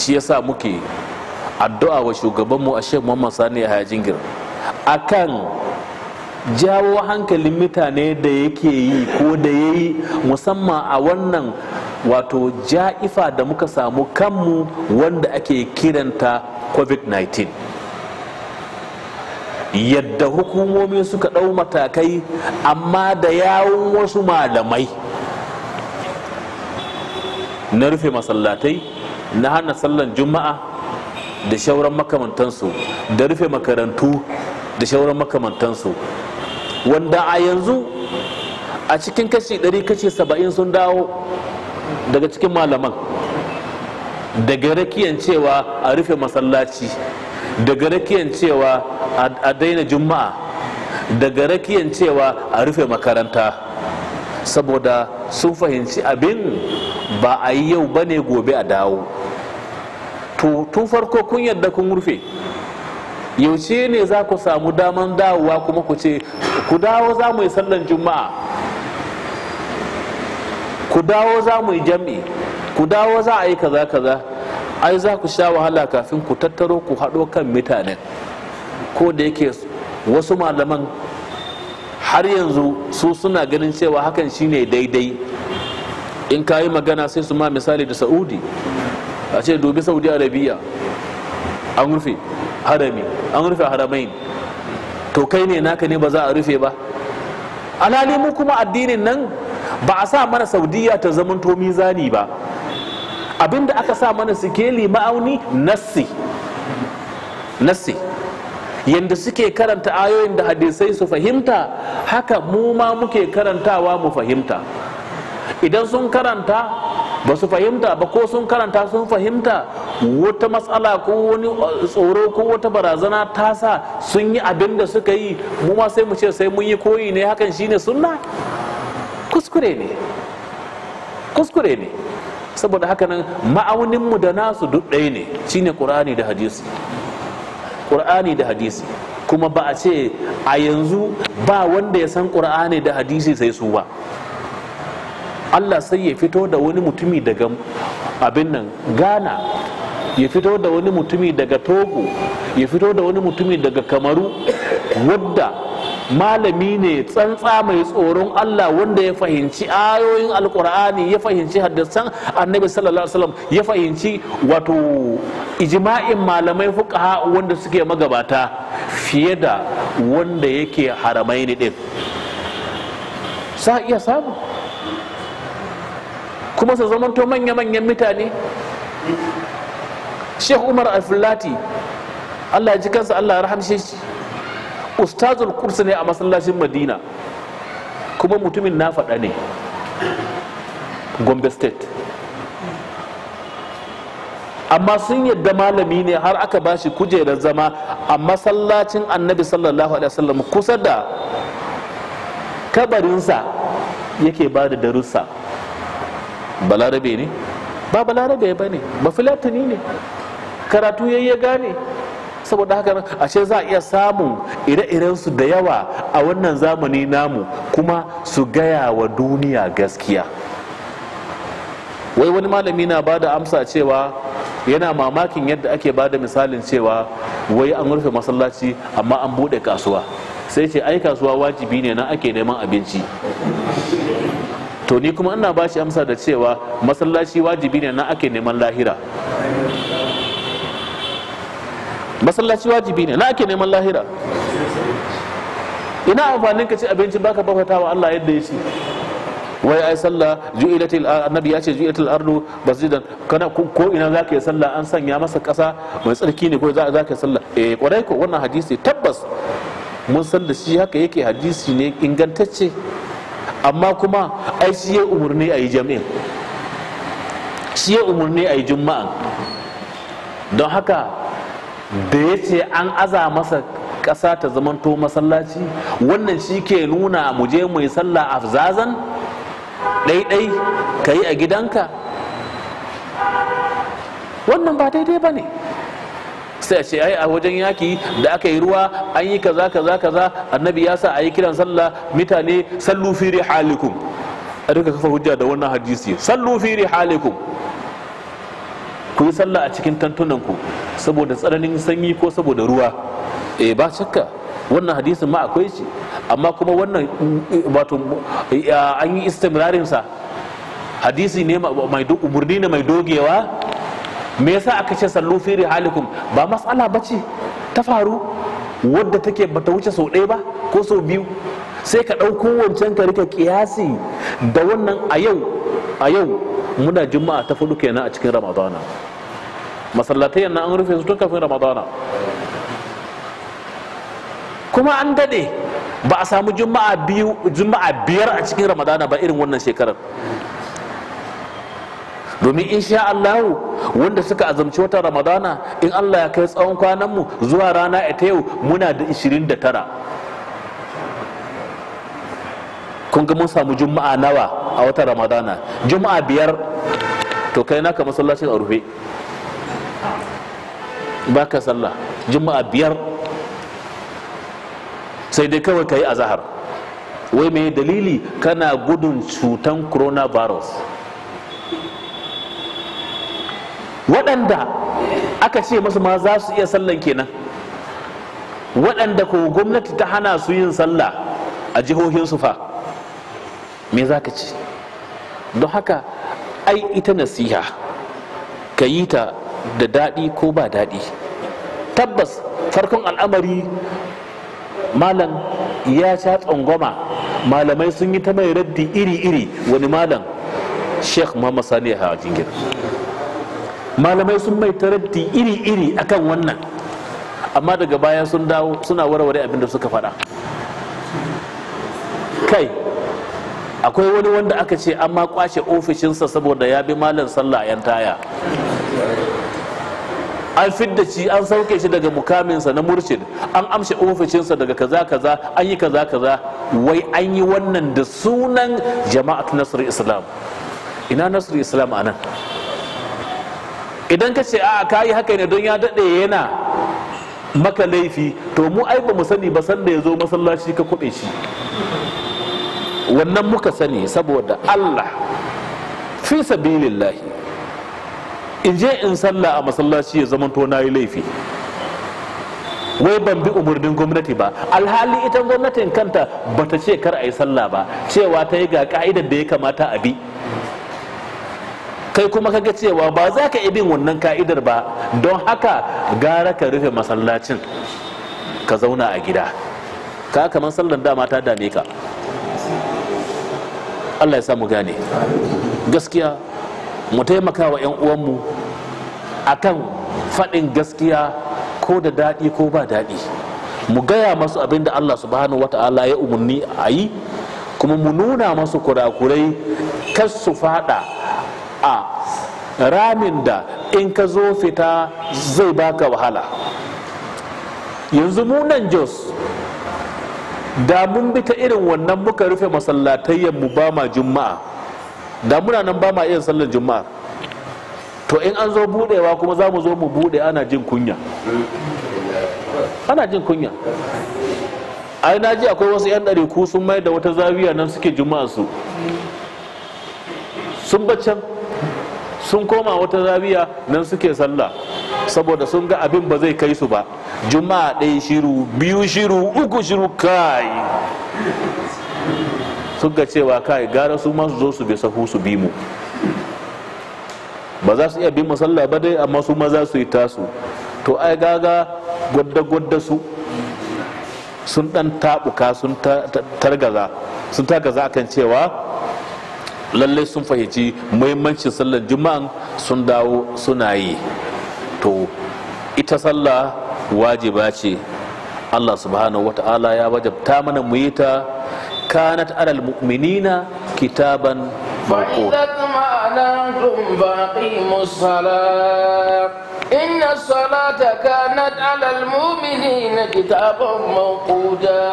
shi yasa muke addu'a wa shugabanmu a shek muhammad sani a jingir akan jawo hankalin mutane da yake yi ko da ya yi musamman a wannan wato ja'ifa da muka samu kanmu wanda ake kiranta covid-19 yadda hukumomi suka ɗau matakai amma da yawon wasu malamai na rufe masallatai na hana sallan juma'a da shauran makamantansu da rufe makarantu da shauran makamantansu wanda a yanzu a cikin kashi 100 kashi 70 sun dawo daga cikin malaman daga rakiyan cewa a rufe masallaci daga rakiyan cewa a daina juma'a daga rakiyan cewa a rufe makaranta saboda sun fahimci abin ba a yi yau bane gobe a dawo to tun farko kun yadda kun rufe yaushe ne za ku samu daman dawowa kuma ku ce ku dawo za mu yi sallan juma'a ku dawo za mu yi jam'i ku dawo za a yi kaza kaza ai za ku sha wahala kafin ku tattaro ku haɗo kan mutanen ko da yake wasu malaman har yanzu su suna ganin cewa hakan shine daidai in ka yi magana sai su ma misali da sa'udi a ce domin saudi arabiya an rufe harami an rufe haramain to kai ne naka ne ba za a rufe ba alhali mu kuma addinin nan ba a sa mana saudiya ta zamanto mizani ba abinda aka sa mana sikeli ma'auni nassi nassi yadda suke karanta ayoyin da hadisai su fahimta haka mu ma muke karantawa mu fahimta idan sun karanta ba su fahimta ba ko sun karanta sun fahimta wata matsala ko wani uh, tsoro ko wata barazana ta sa sun yi abin da suka yi mu ma sai mu ce sai mun yi koyi ne hakan shine sunna kuskure ne kuskure ne saboda haka nan ma'aunin mu da nasu duk ɗaya ne shine qur'ani da hadisi qur'ani da hadisi kuma ba a ce a yanzu ba wanda ya san qur'ani da hadisi sai su ba allah sai ya fito da wani mutumi daga abin nan ghana ya fito da wani mutumi daga togo ya fito da wani mutumi daga kamaru wadda malami ne tsantsa mai tsoron Allah wanda ya fahimci ayoyin alkur'ani ya fahimci haddasan annabi sallallahu alaihi wasallam ya fahimci wato ijma'in malamai fuqaha wanda suke magabata fiye da wanda yake haramai ne din sa iya samu kuma su zamanto manya-manyan mutane sheikh umar al-fulati allah ji kansa allah ya rahamshe shi ustazul kursi ne a masallacin madina kuma mutumin na faɗa ne gombe state amma sun yadda malami ne har aka ba shi kujerar zama a masallacin annabi sallallahu alaihi wasallam kusa da kabarinsa yake ba da darussa balarabe ne ba balarabe ba ne ba filatani ne karatu ya gane saboda haka a ashe za a iya samun ire iren su da yawa a wannan zamani namu kuma su gaya wa duniya gaskiya wai wani malami na ba da amsa cewa yana mamakin yadda ake ba da misalin cewa wai an rufe masallaci amma an buɗe kasuwa sai ce ai kasuwa wajibi ne na ake neman abinci to ni kuma ina bashi amsa da cewa masallaci wajibi ne na ake neman lahira masallaci wajibi ne na ake neman lahira ina amfanin ka ci abinci baka bafata wa Allah yadda ya ce wai ai sallah ju'ilatil annabi ya ce ju'ilatil ardu masjidan kana ko ina zaka yi sallah an sanya masa kasa mai tsarki ne ko za ka yi sallah eh kwarai ko wannan hadisi tabbas mun san da shi haka yake hadisi ne ingantacce amma kuma ai shi ya umarni a yi jami'in shi ya umarni a yi juma'an don haka da ya ce an aza masa ƙasa ta zamanto masallaci wannan shi ke nuna mu je mu yi sallah afzazan ɗaiɗai ka yi a gidanka wannan ba daidai ba ne sai a ce ai a wajen yaki da aka yi ruwa an yi kaza kaza kaza annabi ya sa a yi kiran sallah mutane sallu fi rihalikum a duka kafa hujja da wannan hadisi sallu fi rihalikum ku yi sallah a cikin ku saboda tsananin sanyi ko saboda ruwa eh ba shakka wannan hadisin ma akwai shi amma kuma wannan wato eh, an yi istimrarin sa hadisi ne mai umurni ne mai dogewa me yasa aka ce sallu fi rihalikum ba matsala ba ce, ta faru wadda take bata wuce sau ɗaya ba ko sau biyu sai ka ɗauko wancan ka rika kiyasi da wannan a yau a yau muna juma'a ta fudu kenan a cikin ramadana masallatai yana an rufe su tun kafin ramadana kuma an daɗe ba a samu juma'a juma'a biyar a cikin ramadana ba irin wannan shekarar domin insha Allah wanda suka azumci wata ramadana in Allah ya kai tsawon kwananmu zuwa rana ta yau muna da 29 kun ga mun samu juma'a nawa a wata ramadana juma'a biyar to kai naka masallacin a rufe ba ka sallah juma'a biyar sai dai kawai ka yi a zahar wai mai dalili kana gudun cutan coronavirus waɗanda aka ce masu ma za su iya sallan kenan waɗanda ko gwamnati ta hana su yin sallah a jihohin su fa me za ka ce don haka ai ita nasiha ka yi ta da daɗi ko ba daɗi tabbas farkon al'amari malam ya sha tsangwama malamai sun yi ta mai raddi iri-iri wani malam sheikh muhammad sani a gina malamai sun mai taraddi iri-iri akan wannan amma daga baya sun dawo suna warware abin da suka faɗa kai akwai wani wanda aka ce an ma kwashe ofishinsa saboda ya bi malam sallah yan taya an fidda shi an sauke shi daga mukaminsa na murshid an amshe ofishinsa daga kaza kaza an yi kaza kaza wai an yi wannan da sunan jama'at Nasiru islam ina Nasiru islam a nan? idan ka ce a yi haka ne don ya daɗe yana maka laifi to mu ai ba mu sani ba sanda ya zo masallaci ka kuɗe shi wannan muka sani saboda allah fi sabilillahi in je in sallah a masallaci ya zama to na yi laifi wai ban bi umarnin gwamnati ba alhali ita gwamnatin kanta bata ce kar a yi sallah ba cewa ta yi ga ka'idar da ya kamata a bi kai kuma ka ga cewa ba za ka bin wannan ka'idar ba don haka gara ka rufe masallacin ka zauna a gida ka kamar sallar dama ta dame ka allah ya samu gane gaskiya mu taimaka wa 'yan uwanmu a kan faɗin gaskiya ko da daɗi ko ba daɗi mu gaya masu abin da allah subhanahu wata'ala ya umarni a yi kuma mu nuna masu kurakurai kar su faɗa a ramin da in ka zo fita zai baka wahala yanzu mu nan jos da mun bi ta irin wannan muka rufe masallatayyar mu ba ma juma'a da muna nan ba ma iya sallar juma'a to in an zo budewa kuma za mu zo mu bude ana jin kunya ana jin kunya ai na ji akwai wasu 'yan ɗari ku sun mai da wata zawiya nan suke juma'a su sun baccan sun koma wata zabiya nan suke sallah saboda sun ga abin ba zai kai su ba juma'a ɗaya shiru biyu shiru uku shiru kai sun ga cewa kai gara su man zo su bi sahu su bi mu ba za su iya bi mu sallah ba dai amma su maza su yi tasu to ai gaga gwadda-gwadda su sun dan tabuka sun targaza sun targaza akan cewa lallai sun fahimci muhimmancin sallar juma'an sun dawo suna yi to ita sallah wajiba ce Allah subhanahu ta'ala ya wajabta mana mu yi ta kanat alal mu'minina kitaban mawqut الصلاة كانت على المؤمنين كتابا موقودا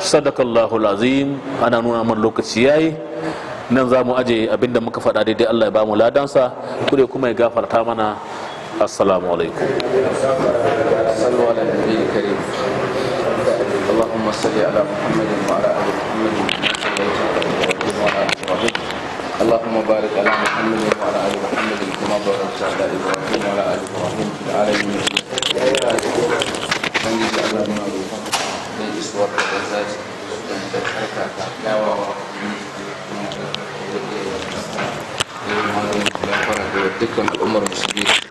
صدق الله العظيم أنا نونا من لوكسياي nan za mu aje abinda muka faɗa daidai Allah ya ba mu ladansa kure kuma ya gafarta mana assalamu alaikum اللهم بارك على محمد وعلى ال محمد كما باركت على ابراهيم وعلى ال ابراهيم في العالمين انك علمنا بالفضل للاسوار والعزاز انت الحركه دعوه والذكر الامر المسلمين